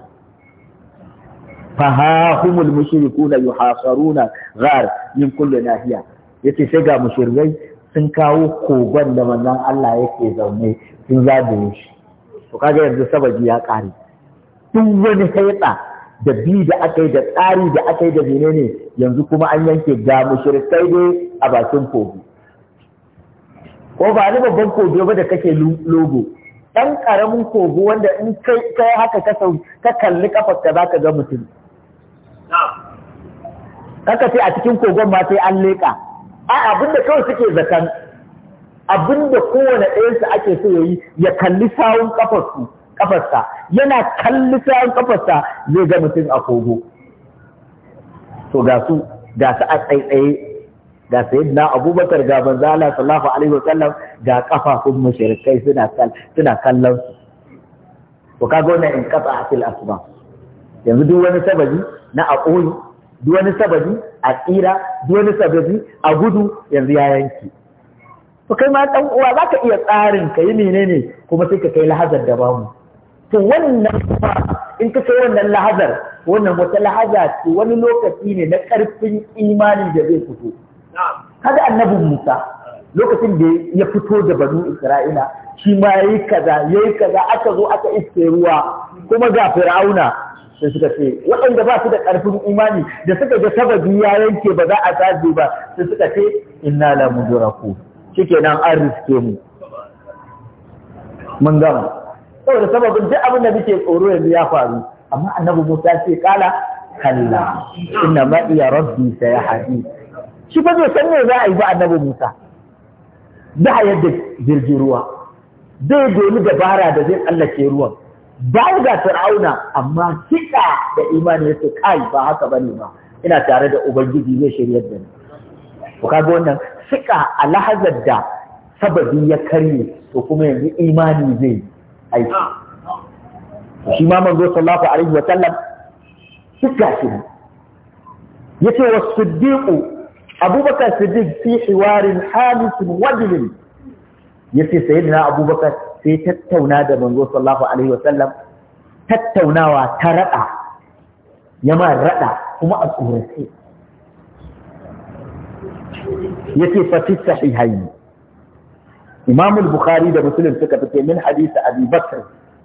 fahahumul mushrikuna yuhasaruna ghar min kulli nahiya yace sai ga mushrikai sun kawo kogon da manzon Allah yake zaune sun zagaye shi to kaga yanzu sababi ya kare duk wani haita da bi da aka yi da tsari da aka yi da menene yanzu kuma an yanke ga mushrikai dai a bakin kogi ko ba ni babban kogo ba da kake logo ɗan ƙaramin kogo wanda in kai haka ka ka kalli kafarka za ka ga mutum kaka ce a cikin kogon ma sai an leƙa a abinda kawai suke zakan abinda kowane ɗayansu ake so yayi ya kalli sawun kafarsu kafarsa yana kalli sawun kafarsa zai ga mutum a kogo to ga su ga su a tsaitsaye ga sayyidina abubakar ga manzo Allah sallallahu alaihi wasallam ga kafafun mushrikai suna suna kallon su to kaga wannan in kafa asil asma yanzu duk wani sababi na aqulu duk wani sababi a tsira duk wani sababi a gudu yanzu ya yanki to kai ma dan uwa zaka iya tsarin ka yi menene kuma sai ka kai lahazar da bamu to wannan in ka kai wannan lahazar wannan wata lahaza ce wani lokaci ne na karfin imanin da zai fito Kada annabin Musa lokacin da ya fito da banu Isra'ila shi ma yayi kaza yayi kaza aka zo aka iske ruwa kuma ga Fir'auna sai suka ce waɗanda ba su da ƙarfin imani da suka ga sababi ya yanke ba za a zaje ba sai suka ce inna la mudraku shikenan an riske mu mun gama saboda sababin duk abin da muke tsoro yanzu ya faru amma annabi Musa sai kala kalla inna ma iya rabbi sayahdi shi ba zai san me za a yi ba annabi Musa da hayar da jirgin ruwa zai goni dabara da zai tsallake ruwan ba ga fir'auna amma kika da imani yake kai ba haka bane ba ina tare da ubangiji zai shiryar da ni ku kaga wannan sika a lahazar da sababi ya karye to kuma yanzu imani zai aiki shi ma manzo sallallahu alaihi wa sallam sika shi yace wasiddiqu abubakar siddiq fi hiwarin halisun wadilin yace sayyidina abubakar sai tattauna da manzo sallallahu alaihi wasallam tattaunawa ta raɗa, ya ma rada kuma a tsorace yace fa fi sahihaini imam bukhari da muslim suka fice min hadisi Abubakar bakr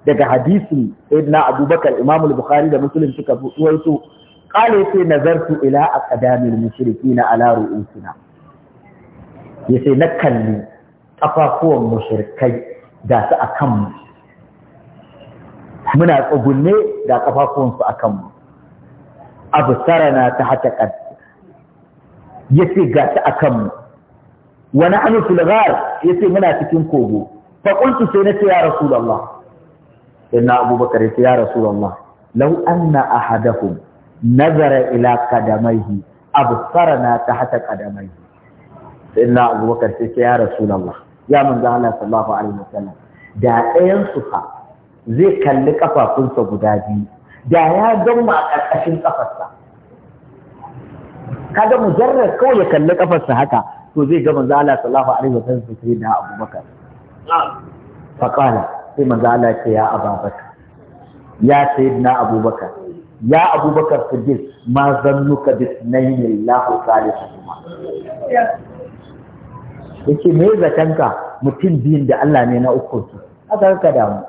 daga hadisin sayyidina abubakar imam bukhari da muslim suka ruwaito qala yace nazartu ila aqdamil mushrikina ala Ya yace na kalli kafafuwan mushrikai da su akan mu muna tsugunne da kafafuwan su akan mu absarana ta hata qad yace ga su akan mu wa nahnu fil ya yace muna cikin kogo fa qultu sai nace ya rasulullah inna abubakar ya rasulullah law anna ahadahum nazara ila qadamaihi absarana tahta qadamaihi inna abubakar sai ya rasulullah ya manzo Allah sallallahu alaihi wasallam da ɗayan su zai kalli kafafunsa guda biyu da ya gamma a ƙarƙashin kafarsa kaga mujarrad kawai ya kalli kafarsa haka to zai ga manzo Allah sallallahu alaihi wasallam sai da abubakar fa qala sai manzo Allah ya ce ya abubakar ya abubakar ya abubakar siddiq ma zannuka bi sunayin lahu salisuhuma yace me zatanka mutum biyun da Allah ne na uku su haka ka damu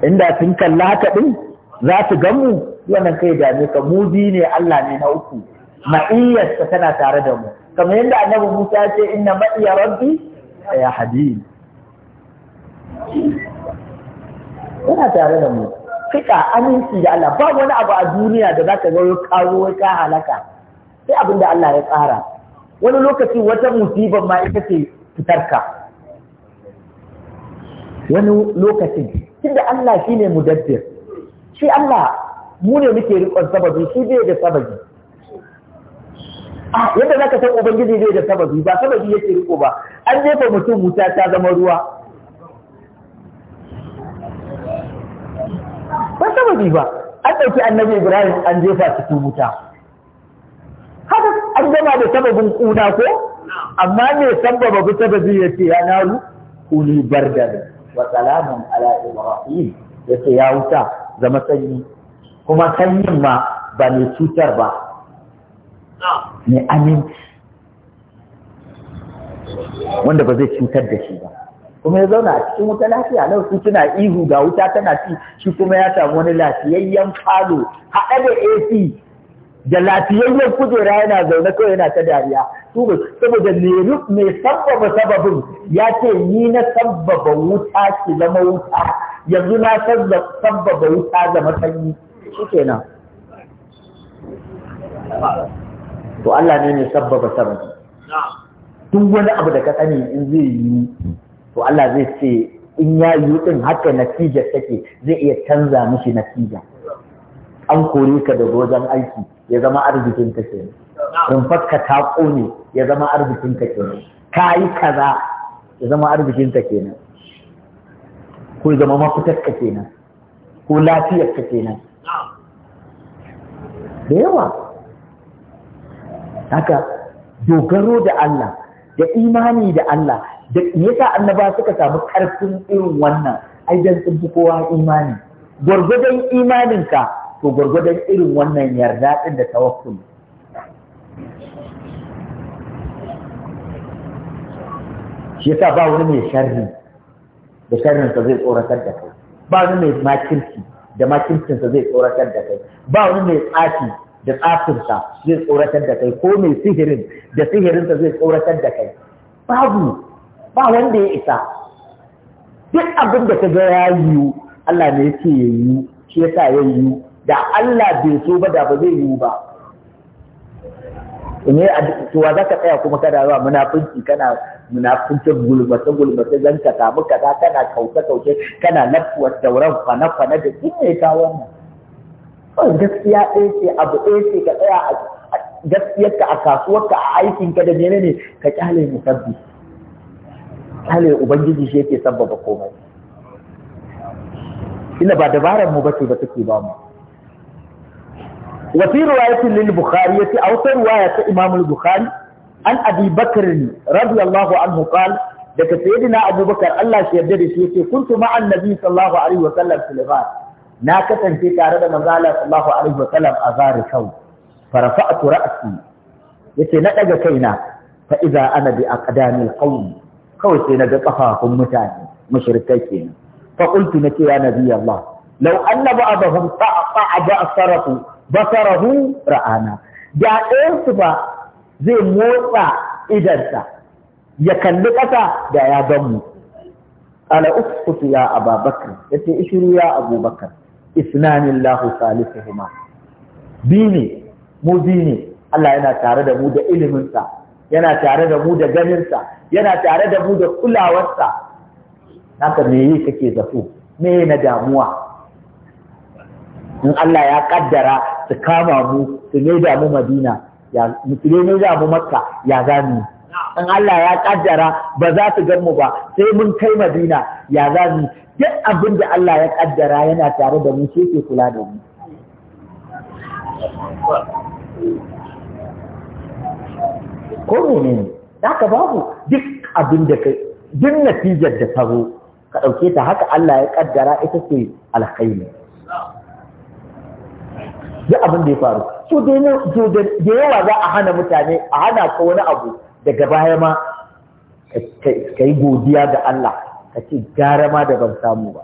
inda sun kalla haka din za su gan mu wannan kai dame ka mu biyu ne Allah ne na uku ma'iyyarsa tana tare da mu kamar yadda annabi Musa ya ce inna ma'iyyar rabbi ya hadin yana tare da mu kika aminci da Allah Ba wani abu a duniya da zaka ga ya kawo wai ka halaka sai abin da Allah ya tsara wani lokaci wata musiba ma ita ce fitarka wani lokacin tunda Allah shine mudabbir shi Allah mu ne muke rikon sababi shi bai da sababi ah, yadda zaka san ubangiji bai da sababi ba sababi yake riko ba an jefa mutum wuta ta zama ruwa ba sababi ba an ɗauki annabi ibrahim an jefa su su wuta haka an gama da sababin kuna ko amma me sababa bi sababi ya ce ya naru kuli bardan wa salamun ala ibrahim ya ce ya wuta zama sanyi kuma sanyin ma ba mai cutar ba mai aminci wanda ba zai cutar da shi ba kuma ya zauna a cikin wuta lafiya na wasu suna ihu ga wuta tana ci shi kuma ya samu wani lafiyayyen falo haɗe da AC da lafiyayyen kujera yana zaune kawai yana ta dariya saboda mai sabbaba sababin ya ce ni na sabbaba wuta ki zama wuta yanzu na sabbaba wuta zama sanyi nan? to Allah ne mai sabbaba sababi duk wani abu da ka sani in zai yi to Allah zai ce in ya yi din haka natija take zai iya canza mishi natija an kore ka da wajen aiki ya zama arzikin ka In fakka ta kone ya zama arzikin ka kenan ka yi kaza ya zama arzikin ka kenan ko zama mafitar ka kenan ko lafiyar ka kenan da yawa haka dogaro da Allah da imani da Allah da yasa annaba suka samu karfin irin wannan ai dan sun fi kowa imani gwargwadon imaninka to gwargwadon irin wannan yarda din da tawakkul shi yasa ba wani mai sharri da sa zai tsoratar da kai ba wani mai makirci da sa zai tsoratar da kai ba wani mai tsafi da tsafinsa zai tsoratar da kai ko mai sihirin da sihirinsa zai tsoratar da kai babu ba wanda ya isa duk abin da ka ga ya yiwu Allah ne yake ya yiwu shi yasa ya yiwu da Allah bai so ba da ba zai yiwu ba ne a tuwa za ka tsaya kuma kana zuwa munafunci kana munafuncin gulmace gulmace zan ka samu kaza kana kauce kauce kana lafuwar dauran kwana kwana da shi ne ka wannan kawai gaskiya ɗaya ce abu ɗaya ce ka tsaya a gaskiyarka a kasuwarka a aikinka da menene ka kyale musabbi hale ubangiji shi yake sabbaba komai ina ba dabarar mu bace ba take ba mu wa fi riwayatin lil bukhari yati aw ta riwaya ta imam al bukhari an abi bakr radiyallahu anhu qal daga sayyidina abubakar Allah shi yadda da shi yake kuntu ma annabi sallallahu alaihi wa sallam fil ghar na kasance tare da manzo Allah sallallahu alaihi wa sallam a zari kau farafa'tu ra'si yace na daga kaina fa idza ana bi aqdami qawmi kawai sai na ga kafafun mutane mushrikai kenan fa qultu na ya nabi Allah law anna ba'dahum ta'a ba'sarahu basarahu ra'ana da ɗayan su ba zai motsa idansa ya kalli ƙasa da ya gan mu ala uskutu ya ababakar yace ishiru ya abubakar isnanillahu salisuhuma bi ne mu bi ne Allah yana tare da mu da iliminsa yana tare da mu da ganinsa yana tare da mu da kulawarsa haka me yi kake zato me na damuwa in Allah ya kaddara su kama mu su ne da mu Madina ya mutule ne da mu Makka ya gani in Allah ya kaddara ba za su gan mu ba sai mun kai Madina ya gani duk abin da Allah ya kaddara yana tare da mu sai ke kula da mu ko mene ne haka babu duk abin da ka duk natijar da taro ka ɗauke ta haka Allah ya kaddara ita ce alkhairi duk abin da ya faru so da yawa za a hana mutane a hana ka wani abu daga baya ma ka yi godiya da Allah ka ce gara ma da ban samu ba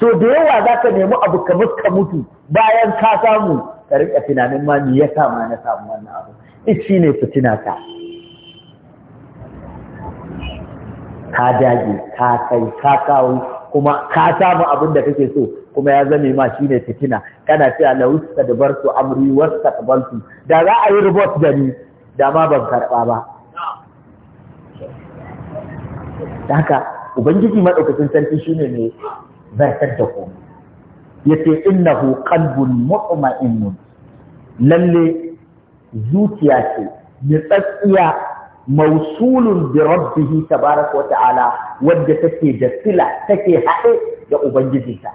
so da yawa za ka nemi abu kamar ka mutu bayan ka samu ka rika tunanin ma ya sa ma na samu wannan abu duk shine fitina ta ka dage ka kai ka kawo kuma ka samu abin da kake so kuma ya zame ma shine fitina kana cewa la wasta da barsu amri wasta qabaltu da za a yi robot da ni da ma ban karɓa ba Da haka ubangiji madaukakin sarki shine ne zartar da komai yace innahu qalbun mutma'innun lalle zuciya ce tsatsiya mausulun bi rabbihi tabaraka wa ta'ala wadda take da sila take haɗe da ubangiji ta.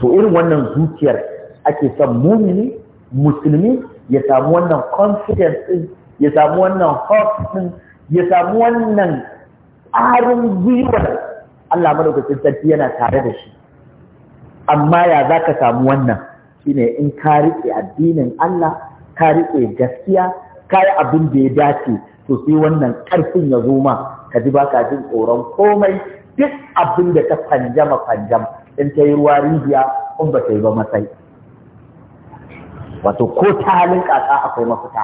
to irin wannan zuciyar ake son mumini musulmi ya samu wannan confidence ya samu wannan hope ya samu wannan ƙarin gwiwar Allah madaukakin sarki yana tare da shi amma ya za ka samu wannan shine in ka riƙe addinin Allah ka riƙe gaskiya ka yi abin da ya dace to sai wannan ƙarfin ya zo ma ka ji baka jin tsoron komai duk abin da ta fanjama fanjam in ta yi ruwa rijiya in ba ta yi ba matsayi. wato ko ta halin ƙasa akwai mafita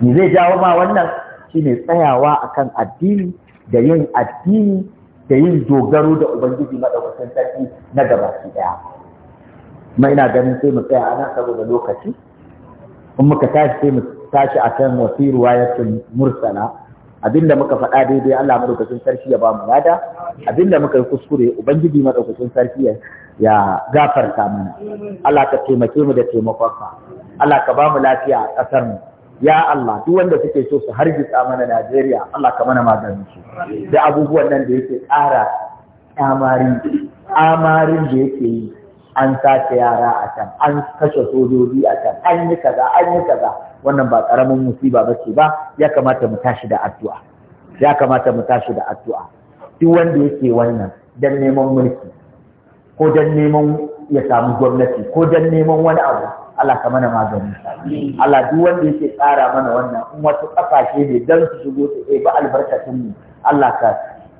me zai jawo ma wannan shine tsayawa akan addini da yin addini da yin dogaro da ubangiji madaukakin sarki na su ɗaya. Mai ina ganin sai mu tsaya ana saboda lokaci in muka tashi sai mu tashi akan wasi ruwayatul mursala abinda muka faɗa daidai Allah madaukakin sarki ya ba mu lada abinda muka yi kuskure ubangiji madaukakin sarki ya gafarta mana Allah ka taimake mu da taimakonka Allah ka ba mu lafiya a ƙasar mu ya Allah duk wanda suke so su hargitsa mana Najeriya Allah ka mana maganin su da abubuwan nan da yake ƙara amari amarin da yake yi an sace yara a can an kashe sojoji a can an yi kaza an yi kaza wannan ba karamin musiba ba ce ba ya kamata mu tashi da addu'a ya kamata mu tashi da addu'a duk wanda yake wannan dan neman mulki ko dan neman ya samu gwamnati ko dan neman wani abu Allah ka mana magani Allah duk wanda yake tsara mana wannan in wasu kafashe ne dan su shigo su ɗebi albarkatun mu Allah ka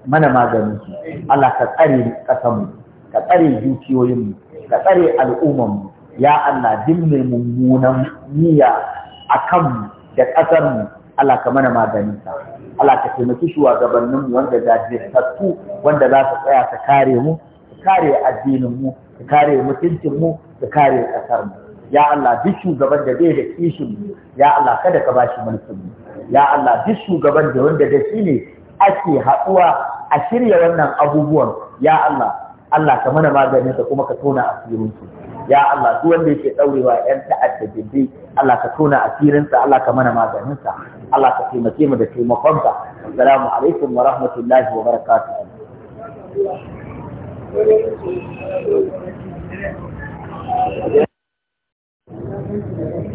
mana magani Allah ka tsare kasan ka tsare dukiyoyin mu ka tsare al'umman mu ya Allah duk mai mummunan niyya akan mu da kasar mu Allah ka mana magani Allah ka taimaki shugabannin mu wanda jajirtattu wanda za su tsaya su kare mu su kare addinin mu kare mutuncin mu ka kare kasar mu ya Allah duk shugaban da bai da kishin ya Allah kada ka bashi mulkin ya Allah duk shugaban da wanda da shi ne ake haɗuwa a shirya wannan abubuwan ya Allah Allah ka mana maganin ka kuma ka tona asirin su ya Allah duk wanda yake daurewa yan ta'adda bindi Allah ka tona asirin sa Allah ka mana maganin sa Allah ka taimake mu da taimakon ka assalamu alaikum wa rahmatullahi wa barakatuh Thank you. No,